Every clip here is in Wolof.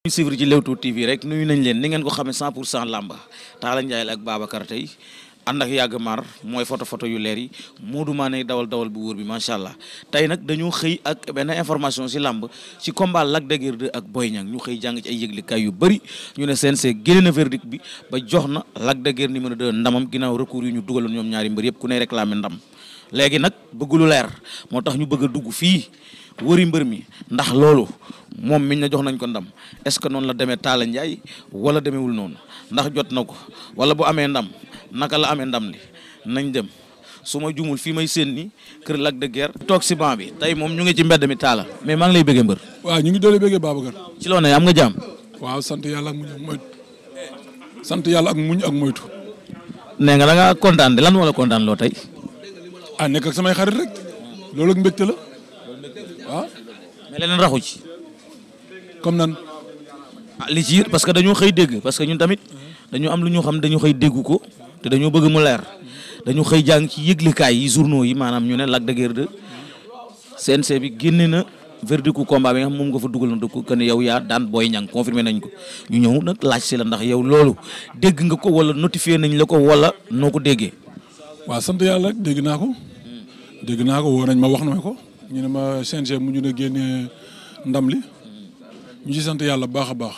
ñu suivre ci Leewtoo nañ leen ni ngeen ko xamee 100 pour cent làmb Talla Ndiaye la ak Babacar tey ànd ak yàgg mar mooy photo foto yu leer yi Modou Mané dawal dawal bu wóor bi macha allah tey nag dañoo xëy ak benn information si làmb si combat Lac de Guiers 2 ak Boy Niang ñu xëy jàng ci ay yëglikaay yu bari ñu ne CNG génne a verdict bi ba jox na Lac de Guiers numéro 2 ndamam ginnaaw recours yu ñu dugaloon ñoom ñaari mbër yëpp ku ne réclamé ndam léegi nag bëgg leer moo tax ñu bëgg a dugg fii. wëri mbër mi ndax loolu moom miñ na jox nañ ko ndam est ce que noonu la demee Talla Ndiaye wala demewul noonu ndax jot na ko wala boo amee ndam naka la amee ndam li nañ dem suma jumul fii may séen ni kër Lac de Guiers toog si banc bi tey moom ñu ngi ci mbedd mi Talla mais maa lay bëggee mbër waaw ñu ngi doole bëggee Babacar ci loo ne am nga jàmm waaw sant yàlla ak muñ ak moytu sant yàlla ak muñ ak moytu nee nga da kontaan de lan moo la kontaan loo tey ah nekk ak samay xarit rek loolu ak mbégte mais leneen ci. comme nan. ah li ci parce que dañoo xëy dégg parce que ñun tamit dañoo am lu ñu xam dañoo xëy dégg ko te dañoo bëgg mu leer dañoo xëy jàng ci yëglekaay yi journaux yi maanaam ñu ne Lac de Guiers bi génne na verdict ku moom nga fa dugal na dëkk que yow yaa daan Boy Niang confirmé nañ ko ñu ñëw laaj si la ndax yow loolu dégg nga ko wala notifié nañ la ko wala noo ko déggee. waaw sant yàlla dégg naa ko. dégg naa ko woo nañ ma wax na ma ko. ñu ne ma mu mujj na génne ndam li ñu ci sant yàlla baax a baax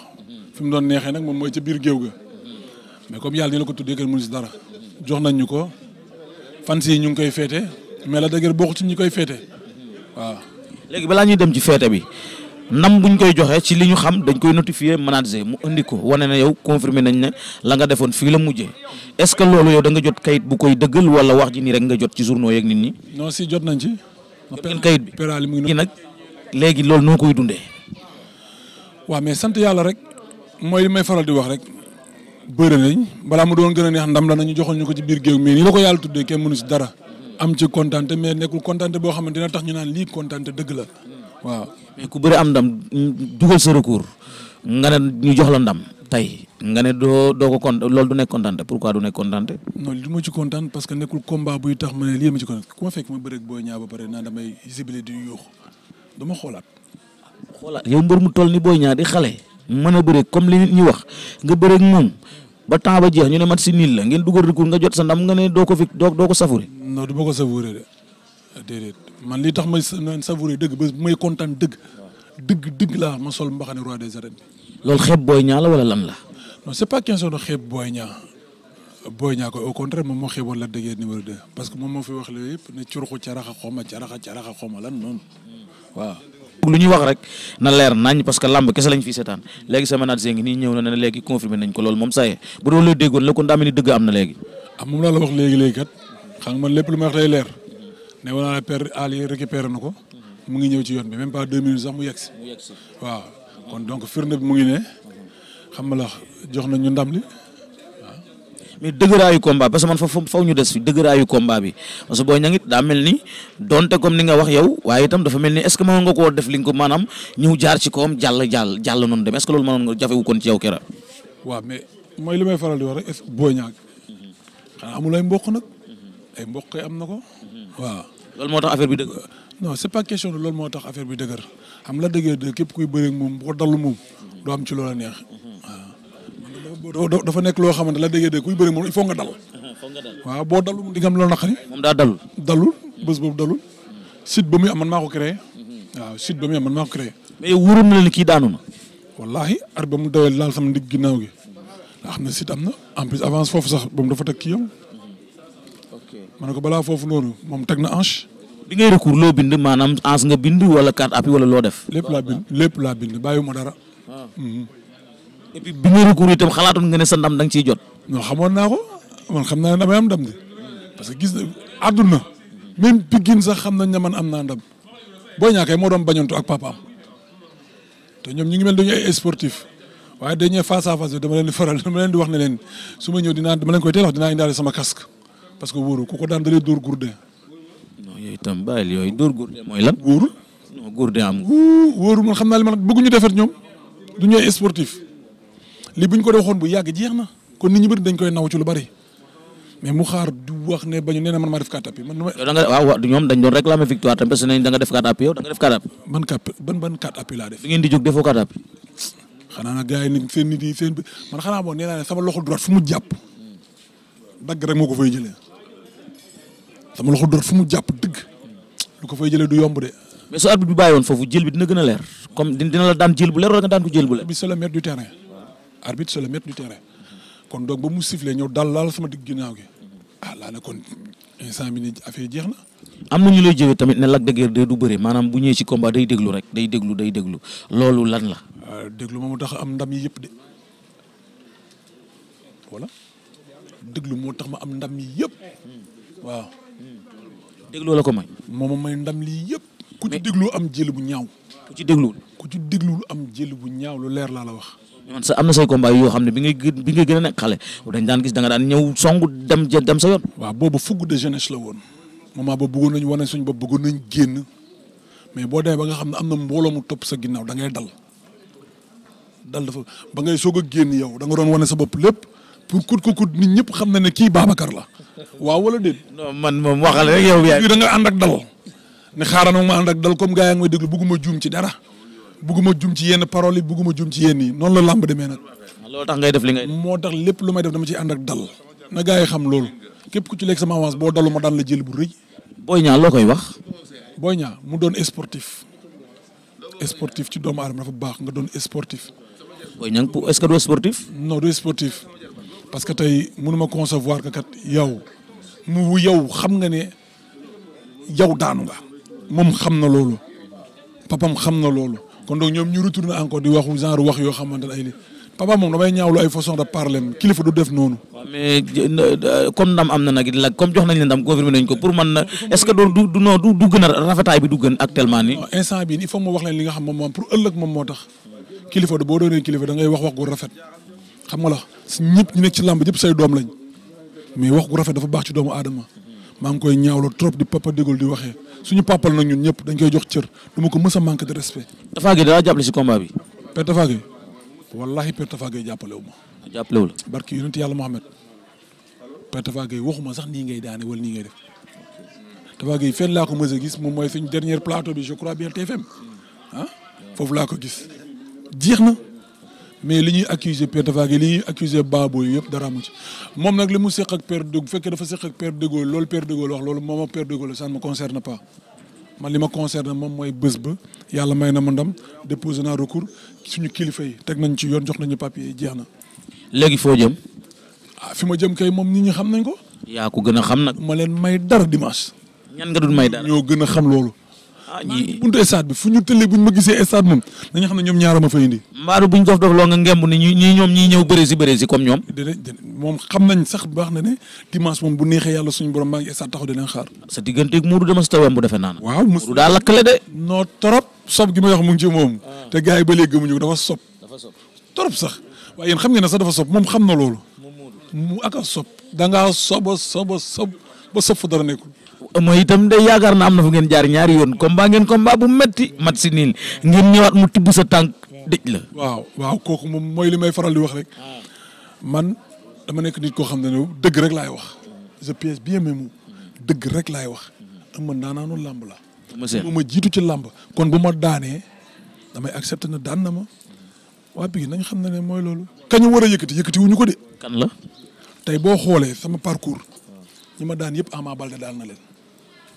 fi mu doon neexee nag moom mooy ca biir géew ga mais comme yàlla ni la ko tuddee kenn mënu si dara jox nañ ñu ko fans yi ñu ngi koy féete mais la dëgër bokk ci ñi koy féete waaw. léegi balaa ñuy dem ci féete bi nam buñ koy joxe ci li ñu xam dañ koy notifier manager mu indi ko wane na yow confirmer nañ ne la nga defoon fii la mujje est-ce que loolu yow da nga jot kayit bu koy dëggal wala wax ji nii rek nga jot ci journaux yeeg nit ñi. non si jot nañ ci. jot ngeen kayit bi pénal mu ngi nag léegi loolu noo koy dundee. waaw mais sant yàlla rek mooy li may faral di wax rek bëri nañ balaa mu doon gën a neex ndam la na ñu joxoon ñu ko ci biir géew mais nii la ko yàlla tuddee kenn mënu si dara am ci kontante mais nekkul kontante boo xam ne dina tax ñu naan lii kontante dëgg la waaw. mais ku bëri am ndam dugal sa recours. nga ne ñu jox la ndam tey nga ne doo doo ko kon loolu du nekk pour pourquoi du nekk contente. ma ci kontaan parce que nekkul combat buy tax ma ne lii ma ci kontaan ku ma ma xoolaat. xoolaat yow mbër mu toll ni booy ñaa di mën a bëreeg comme li nit wax nga bëreeg moom ba temps ba jeex ñu ne mat si niil la ngeen dugal recours nga jot sa ndam nga ne doo ko fi doo doo ko savouré. non du ma ko savouré de man li tax may savouré dëgg ba may kontaan dëgg dëgg dëgg la ma sol mbaxane roi des arènes. loolu xeeb booy ñaa la wala lan la. non c'est pas question de xeeb booy ñaa booy ñaa ko au contraire moom moo xeeboon la déggee parce que moo fi wax la yëpp ne curuxu caraxa xoma caraxa caraxa xoma lan noonu lu ñuy wax rek na leer nañ parce que làmb kese lañ fi seetaan léegi sama naat ngi ni ñëw na ne léegi confirmé nañ ko loolu moom saa bu doon loo déggoon la kon daa dëgg am na léegi. ah moom laa la wax léegi léegi kat xam lépp lu ma wax lay leer ne wala père Ali récupéré na ko. mu ngi ñëw ci yoon bi même pas deux minutes sax mu yegg si. bi mu ngi xam nga la jox nañ ñu ndam li. mais dëgëraayu combat parce que man fa faw ñu des fi dëgëraayu combat bi parce que booy ña ngit daa mel ni donte comme ni nga wax yow waaye itam dafa mel ni est ce que mënoon nga koo def li nga ko maanaam ñëw jaar ci kawam jàll jàll jàll noonu deme est ce que loolu mënoon nga jafewu kon ci yow kera mooy li may faral di wax rek booy ñaag xanaa amul ay mboq nag ay mboq am na ko mhm. loolu moo tax affaire bi dëgër. non c'est pas question de bi dëgër xam la dëgër de képp kuy bëreeg moom bu ko dallu moom du am ci loola neex. waaw dafa nekk loo xamante la dëgër de kuy bëreeg moom il faut nga dal. waaw boo dalul moom di nga am loolu naqari. moom daa dalul. dalul bés boobu dalul. site ba muy am man maa ko créé. waaw site ba muy am man maa ko créé. na leen kii daanu na. wallaahi ar ba mu dawee laal sama ndig ginnaaw gi. nga xam ne sit am na en plus avance foofu sax ba mu dafa teg kii ma ko balaa foofu noonu moom teg na hanche. bi ngay recours loo bind maanaam hanche nga bind wala carte appui loo def. lépp laa bind lépp laa bind dara. Ah. et puis bi ngay recours itam xalaatoon nga ne sa ndam da nga ciy jot. non xamoon naa ko man xam naa ne damay am ndam de parce que gis na àdduna même Pikine sax xam nañ ne man am naa ndam booy ñaakay moo doon bañantu ak papaam te ñoom ñu ngi mel dañuy ay sportif waaye dañuy face à face bi dama di faral leen di wax ne leen su ma ñëw dinaa dama leen koy teel wax indaale sama casque. parce que wóoru ku ko daan dalee dóor gourdin. yooyu itam bàyyil mooy lan. wóoru non gourdin am. wóoru man xam na li man bëgguñu defar ñoom du ñooy sportif li buñ ko waxoon bu yàgg jeex na kon nit ñi bëri dañ koy naw ci lu bari mais mu xaar du wax ne bañu nee man maa def kàttapi man. yow da nga waaw ñoom dañ doon réclamer victoire tam parce que da nga def kàttapi ban kàpp laa def. bi ngeen di jóg defoo kàttapi. xanaa nag gars yi seen nit yi man xanaa boo nee naa ne sama droite fu mu jàpp dagg rek moo ko fay jëlee sama loxo dóor fu mu jàpp dëgg lu ko fay jëlee du yomb de. mais su arbitre bi bàyyi woon foofu jël bi dina gën a leer comme dina la daan jël bu leer daan ko jël bu leer. arbitre c'est le maître du terrain. terrain. kon doog ba mu sifflé ñëw dal laal sama digg ginnaaw gi. Ah, laa ne kon instant bi ni jeex na. am na ñu lay jëwee tamit ne Lac de Guiers 2 du bëre maanaam bu ñëwee ci combat day déglu rek day déglu day déglu loolu lan la. Ah, déglu moom tax am ndam yi yëpp de déglu moo tax ma am ndam yi yëpp waaw. dégloo la ko may. may ndam lii yëpp. ku ci déglu am jël bu ñaaw. ci dégluwul ku ci dégluwul am jël bu ñaaw lu leer laa la wax. man sa am na ko combat yoo xam ne bi ngay bi ngay gën a nekk xale dañ daan gis danga daan ñëw songu dem dem sa yoon. waaw boobu fougue de jeunesse la woon moment boobu bëggoon nañu wane suñu bopp bëggoon nañ génn mais boo demee ba nga xam ne am na mbooloo mu topp sa ginnaaw da ngay dal dal dafa ba ngay soog a génn yow da nga doon wane sa bopp lépp pour kut ko kut nit ñëpp xam na ne kii Babacar la waaw wala déet. non man moom waxal rek yow yaay. da nga ànd ak dal ne xaaral ma ànd ak dal comme gars yaa ngi may déglu bugguma juum ci dara bugguma juum ci yenn paroles yi bugguma juum ci yenn yi noonu la làmb demee nag. loolu tax ngay def li moo tax lépp lu may def dama ciy ànd ak dal na gars yi xam loolu képp ku ci lekk sama avance boo dalu ma daan la jël bu rëy. Boy Niang loo koy wax. Boy Niang mu doon sportif sportif ci doomu aadama dafa baax nga doon sportif. Boy parce que tey mënuma consevoir que kat yow mu yow xam nga ne yow daanu nga moom xam na loolu papam xam na loolu kon donc ñoom ñu retourné encore di waxu genre wax yoo xamante ne ay li papa moom damay ñaawlu ay façon de parler kilifa du def noonu. waaw euh, comme ndam am na nag la comme jox nañ leen ndam confirmé nañ ko pour man est-ce que du du non a rafetaay bi du gën actuellement nii. instant bii il faut ma wax leen li nga xam moom moom pour ëllëg moom moo tax kilifa du boo doonee kilifa da ngay wax wax gu rafet. xam nga la ñëpp ñu nekk ci làmb ñëpp say doom lañ mais wax gu rafet dafa baax ci doomu aadama maa ngi koy ñaawloo trop di papa dégul di waxee suñu papal nag ñun ñëpp dañ koy jox cër du ma ko mës a manque de respect. Tapha Gueye daa jàppale si combat bi. Père Tapha Gueye wallaahi Père Tapha Gueye jàppale wu ma. jàppale wu la barki yonent yàlla Mohamed Père Tapha Gueye waxuma sax nii ngay daane wal nii ngay def Tapha Gueye fenn laa ko mës gis moom mooy suñu dernier plateau bi je crois bien TFM ah foofu laa ko gis jeex na. mais li ñuy accuser Pierre Tapha Guèye li ñuy accuser Baboy yëpp dara amu ci moom nag li mu seq ak Pierre de bu fekkee dafa seq ak Pierre de Gaulle loolu Pierre de Gaulle wax loolu moom ak Pierre de Gaulle ça ne me concerne pas man li ma concerne moom mooy bës ba yàlla may na ma ndam déposé naa recours suñu kilifa yi teg nañ ci yoon jox nañu papier jeex na. léegi foo jëm. ah fi ma jëm kay moom nit ñi xam nañ ko. yaa ko gën a xam nag. ma leen may dara dimanche. ñan nga dul may dara ñoo gën a xam loolu. ah ñii buntu ñu tëlee buñ ma gisee stade moom dañu xam ne ñoom ñaar ma fa indi. mbaaru buñ dof dof loo nga ngemb ni ñii ñoom ñii ñëw bëre si bëre si comme ñoom. déedéet moom xam moom bu neexee yàlla suñu borom maa ngi stade taxaw di leen xaar. sa digganteeg Mourou dama si tawem bu defee naan. wax mu ngi ci moom. Ah. te gars yi ba léegi gëmuñu dafa sob. dafa sob trop sax waaye yéen xam moom xam na loolu. mu ak a sob da ngaa sob sob sob ba sob fa dara nekkul ama itam de yaakaar na am na fu ngeen jaar ñaari yoon combat ngeen combat bu metti mat si niil ngeen ñëwaat mu tibb sa tànk dëj la waaw waaw kooku moom mooy li may faral di wax rek man dama nekk nit koo xam ne dëgg rek laay wax je pièce bien même dëgg rek laay wax ama naanaanu làmb la mu ma jiitu ci làmb kon bu ma daanee damay accepté na daan na ma waa bii nañ xam ne ne mooy loolu kañu war a yëkkati yëkkati ñu ko de kan la tey boo xoolee sama parcours ñu ma daan yëpp Ama Baldé daal na leen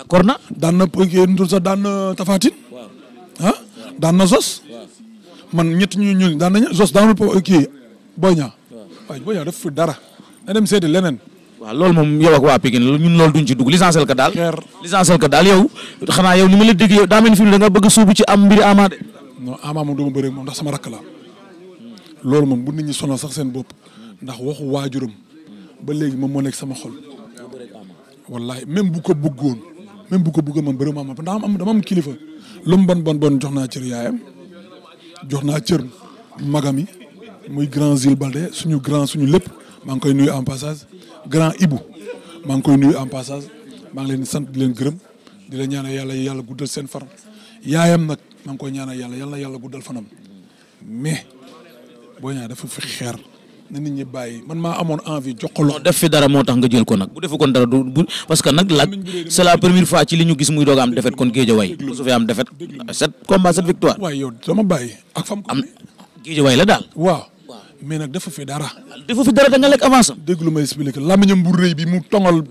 d'accord na daan na Ndour sax daan na Tafatine ah daan na Zos man ñett ñu ñu daan nañu Zos daanul kii Boy Niang waaye Boy Niang def fi dara na dem seeti leneen. waaw loolu moom yow ak waa Pikine ñun loolu duñ ci dugg l'essentiel que daal. l'essentiel que daal yow xanaa yow ni ma la dégg yow daa mel ni fi da nga bëgg suubu ci am mbiri Ama de. non Ama moom dama bëri moom ndax sama rakk la loolu moom bu na ñi sonal sax seen bopp ndax waxu waajuram ba léegi moom moo nekk sama xol. wallahi même bu ko bëggoon. même bu ko bëggoon man bëri ma am ndax am dama am kilifa lu mu bon bon bon jox naa cër yaayam jox naa cër magam yi muy grand Zil Balde suñu grand suñu lépp maa ngi koy nuyu en passage grand Ibu maa koy nuyu en passage maa ngi leen sant di leen gërëm di la ñaanal yàlla yàlla guddal seen fan yaayam nag maa ngi koy ñaanal yàlla yàlla yàlla guddal fanam mais boo ñaan dafa fi xeer na nit ñi bàyyi man ma amoon envie jox ko def fi dara moo tax nga jël ko nag bu defe kon dara du parce que nag laaj c'est la première fois ci li ñu gis muy doog defet kon Guédiawaye su fi la daal waaw mais nag dafa fi dara def fi dara da nga lekk avance am ma expliqué lamiñam bu rëy bi mu tongal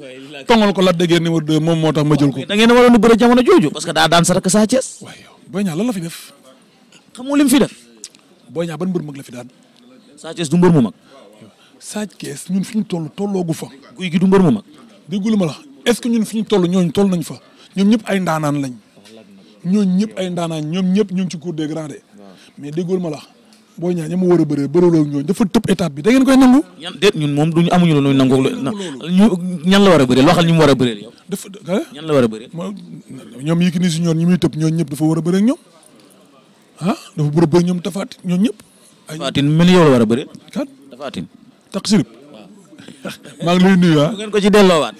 tongal ko la déggee numéro moom moo tax ma jël ko da ngeen waroon a bëre jamono jooju parce que daa daan saraka saa Thiès waaye yow la fi def xamoo lim fi def la fi daan saa Thiès du mbër Sadji Kees ñun fi ñu toll tolloogu fa. guy gi du mbër mu mag. déggu ma la est-ce que ñun fi ñu toll ñooñu toll nañ fa ñoom ñëpp ay ndaanaan lañ ñooñu ñëpp ay ndaanaan ñoom ñëpp ñu ngi ci cour des grands mais déggu ma la boo ñaa ña ma war a bëree bëriloo ñooñu dafa tëb étape bi da ngeen koy nangu. moom duñu amuñu lu ñuy nangu ñu ñan la war a bëree waxal ñu war a bëree. dafa ñan la war a bëree. ñoom yi ki ni si ñoom ñi muy tëb ñooñu ñëpp dafa war a bëree ak ñoom ah dafa bëri ñoom tafaat ñooñu ñëpp. ay Tafatin mel yow la war a bëree. kat Tafatin. tax sirib maa ngi lay nuyu ah. bu ko ci delloowaat.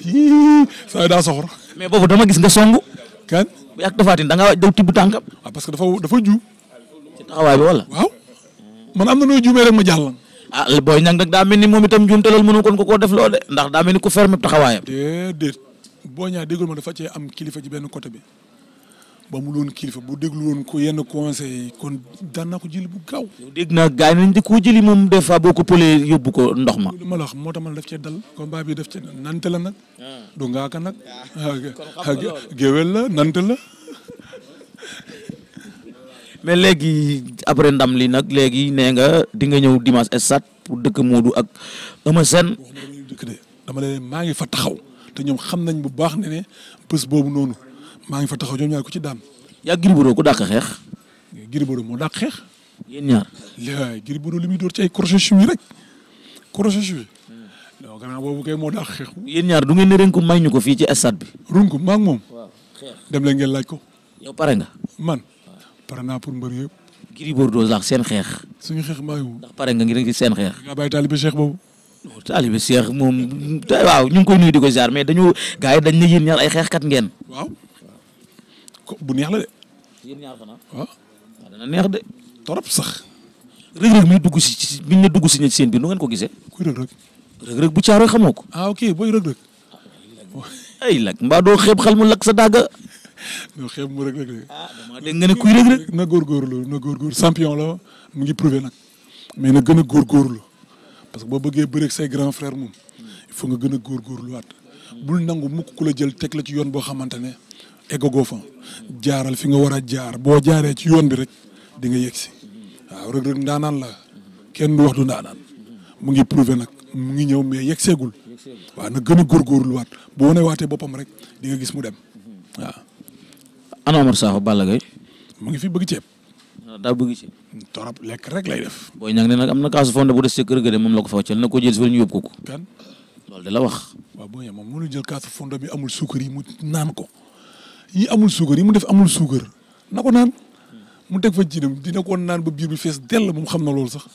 daa soxor. mais boobu dama gis nga songu. kan ak dafaatin da ngaa daw tibb tànkam. Ah, parce que dafa dafa juum. ci taxawaay bi wala. waaw man am na nooy juumee rek ma jàll. ah booy ñang nag daa mel ni moom itam juum te loolu mënu kon ko koo def loo de ndax daa mel ni ku ferme taxawaayam. déedéet boo ñaa déggul ma dafa cee am kilifa ci benn côté bi. ba mu loon kilifa bu déglu woon ko yenn conseil yi kon daan naa ko jëli bu gaaw. dégg naa gars yi nañ di ko jëli moom des fois boo ko pëlee yóbbu ko ndox ma. li ma la wax moo tax daf cee dal. combat bi daf cee nante la nag. Ah. du ngaaka nag. Ah. Ah, géwél la nante la. mais léegi après ndam li nag léegi nee nga di nga ñëw dimanche stade pour dëkk Modou ak Eumeu seen dama leen maa ngi fa taxaw te ñoom xam nañ bu baax ne ne boobu noonu. maa ngi fa taxaw ñoom ñaar ku ci daan. yaa Gris Bordeaux ku dàq xeex. Gris Bordeaux moo dàq xeex. yéen ñaar. waaw li muy door ci ay crochet cheville rek crochet cheville. donc gannaaw moo dàq yéen ñaar du ngeen ne rënkum may ñu ko fii ci stade bi. rënkum maa moom. waaw xeex dem leen ngeen laaj ko. yow pare nga. man pare naa pour mbër yëpp. Gris Bordeaux sax seen xeex. suñu xeex maa ngi moom. ndax pare nga ngir ngi seen xeex. nga bàyyi taalibe Cheikh boobu. taalibe Cheikh moom waaw ñu ngi koy nuyu di ko jaar mais dañu gars dañ ne yéen ñaar ay xeexkat ngeen. waaw bu neex la de. yéen ñaar xanaa. Ah. waaw dana neex de. torop sax. Reug Reug mi dugg si ci biñ ne dugg si ña seen bi nu ngeen ko gisee. kuy Reug Reug. bu caaroo xamoo ko. ah ok booy Reug Reug. ay lak mbaa doo xeeb xel mu lak sa dàgga. doo xeeb mu Reug Reug de. ah damaa dégg nga ne kuy Reug Reug. na góorgóorlu na góorgóorlu champion la mu ngi prouvé nag. a góorgóorlu parce que boo bëggee bëreeg say grand frère moom il faut nga gën a góorgóorluwaat bul nangu mukk ku la jël teg la ci yoon boo xamante ne eggagoo fa jaaral fi nga war a jaar boo jaaree ci yoon bi rek di nga yegg si waaw Reug Reug ndaanaan la kenn du wax du ndaanaan mu ngi prouvé nag mu ngi ñëw mais yegg seegul waaw na gën a góorgóorluwaat bu wane waatee boppam rek di gis mu dem waaw. ana Omar Sakho Balla Gaye mu ngi fi bëgg ceeb. Ah, daa bëgg ceeb. torop lekk rek lay def. booy ñag ne nag am na kaasu fonde bu des ci kër de moom la ko fa wàccal na ko jël si wala ñu yóbbu ko. kan loolu de la wax. waaw booy moom mënul jël kaasu fonde bi amul suukar yi mu naan ko. yi amul suukar yi mu def amul suukar na ko naan mu teg fa jiinam dina ko naan ba biir bi fees dell moom xam na loolu sax.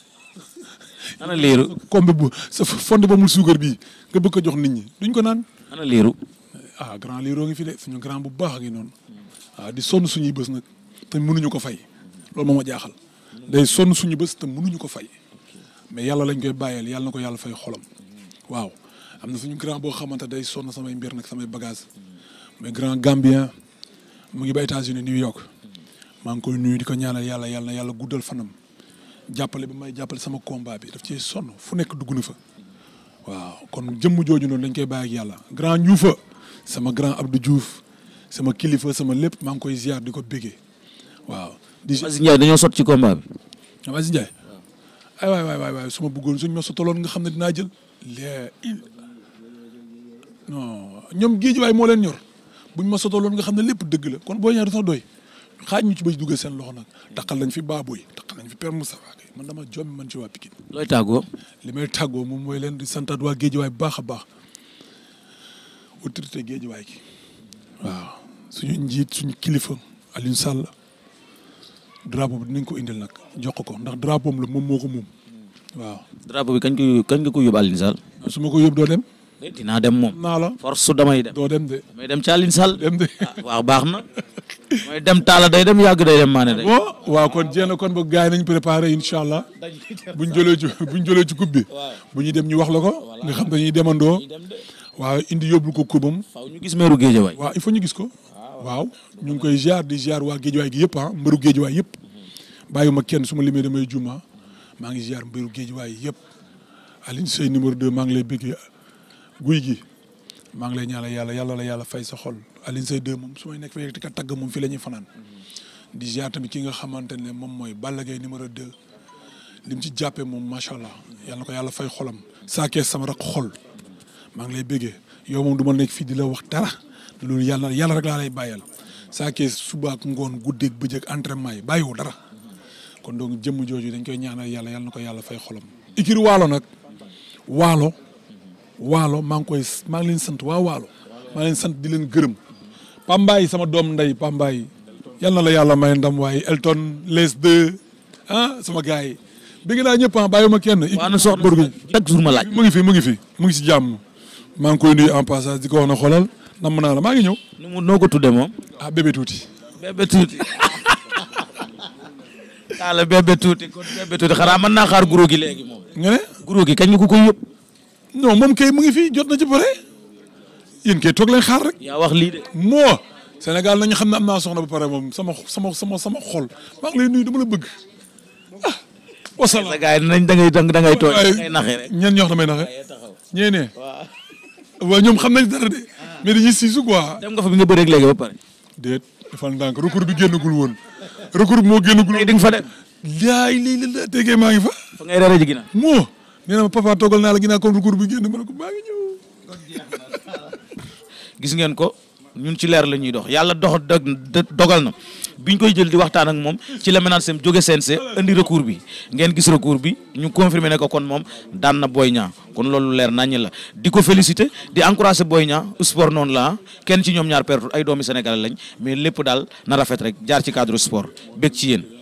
ana liiru kombe bu sa fonde ba amul suukar bii nga bëgg a jox nit ñi duñ ko naan. ana liiru. ah grand liiroo ngi fi de suñu grand bu baax a ngi noonu. waaw ah, di sonn suñuy bës nag te mënuñu ko fay loolu moo ma jaaxal day sonn suñu bës te mënuñu ko fay mais yàlla lañ koy bàyyeel yàlla na ko yàlla fay xolam waaw am na suñu grand boo xamante day sonn samay mbir nag samay bagage mais grand Gambien mu ngi ba États-Unis New York maa ngi koy nuyu di ko ñaanal yàlla yàlla na yàlla guddal fanam jàppale bi may jàppale sama combat bi daf cee sonn fu nekk dugg na fa waaw kon jëmm jooju noonu dañ koy bàyyi yàlla grand Diouf sama grand Abdou juuf sama kilifa sama lépp maa ngi koy ziar di ko béggee waaw. di Aziz Ndiaye dañoo sot ci combat bi. waaw waay waay waay su ma bëggoon suñ nga xam ne dinaa jël. les géej waay moo leen ñor. buñ ma sotaloon nga xam ne lépp dëgg la kon boo ñaar du sax doy xaaj ñu ci bëj dugal seen loxo nag taxal nañ fi Baboy taxal lañ fi Père Moussa man dama jommi man ci waa Pikine. looy tàggoo. li tàggoo moom mooy leen di santaat waa géejewaay bu baax a baax autorité géejewaay gi waaw suñu njiit suñu kilifa Alioune Sall drapeau bi dinañ ko indil nag jox ko ndax drapeau la moom moo ko moom waaw. drapeau bi kañ ko kañ nga ko yóbbu Alioune su ma ko yóbbu doo dem. dinaa dem moom. naa la force su damay dem. doo dem de. damay dem Thialine Sall. dem de ah, waaw baax na. mooy dem taala day dem yàgg day dem maane day. bon oh, waaw kon jéem a kon ba gars yi nañ préparé incha allah buñ jëlee ci buñ jëlee ci coupe bi. bu ñu dem ñu wax la ko. nga xam dañuy demandoo. waaw indi yóbbul ko kubam. faaw ñu gis meeru Géejawaay. waaw il faut ñu gis ko. waaw ñu ngi koy ziar di ziar waa Géejawaay gi yëpp ah mbëru Géejawaay yëpp. Mhm. bàyyiwuma kenn su ma limee damay juma maa ngi ziar mbëru Géejawaay yëpp a Seye numéro 2 maa ngi lay bëggee guy gi maa ngi lay ñaanal yàlla yàlla la yàlla fay sa xol Alioune Seye moom su may nekk fii rek di ko tagg moom fii mm-hmm. tamit ki nga xamante ne moom mooy Balla Gaye numéro 2 lim ci jàppee moom macha allah yàlla ko yàlla fay xolam. saa sama rak xol maa ngi lay bëggee yow moom du ma nekk fii di la wax dara loolu yàlla yàlla rek laa lay bàyyal saa kees suba ak ngoon guddeeg bëjëg entraînement yi bàyyiwoo dara kon donc jëmm jooju dañ koy ñaanal yàlla yàlla na ko yàlla fay xolam. ikir waalo nag waalo. waalo maa ngi koy maa ngi leen sant waa waalo maa leen sant di leen gërëm Pambaay sama doom ndey Pambaay yal na la yàlla may ndam waaye Elton les deux ah sama gars yi bi nga daa ñëpp ah bàyyiwuma kenn. waaw na soxna Borghi chaque ma laaj. mu ngi fi mu ngi fi mu ngi si jàmm. maa ngi koy nuyu en passage di ko wax na xoolal namm naa la maa ngi ñëw. nu mu noo ko tuddee moom. ah bébé tuuti. bébé tuuti. daal bébé tuuti kon xanaa mën naa xaar guro gi léegi moom. nga ne guro koy yëpp. non moom kay mu ngi fii jot na ci pare yéen kay toog leen xaar rek. wax lii de. moo senegal nañu xam ne am naa soxna ba pare moom sama sama sama sama xol maa ngi lay nuyu dama la bëgg ah. wasalaam sa gars yi dinañ dangay dangay tooñ dangay naxee rek ñenn ñoo xam ne damay naxee. ñoom xam nañ dara de. Ah. mais dañuy siisu quoi. dem nga fa bi nga bëreeg léegi ba pare. déet defal ndànk recours bi génnagul woon recours bi moo génnagul woon. tey laay lii la la tey kay maa ngi fa. ngay reere ji moo. nee na ma papa toogal naa la ginnaaw contre cour bi génn ko maa gis ngeen ko ñun ci leer la ñuy dox yàlla dox dogal na biñ koy jël di waxtaan ak moom ci la menace am seen CNG indi recours bi ngeen gis recours bi ñu confirmer ne ko kon moom daan na Boy Niang kon loolu leer naññ la di ko féliciter di encourager Boy Niang sport noonu la kenn ci ñoom ñaar pertu ay doomi Sénégal lañ mais lépp daal na rafet rek jaar ci cadre sport bég ci yéen.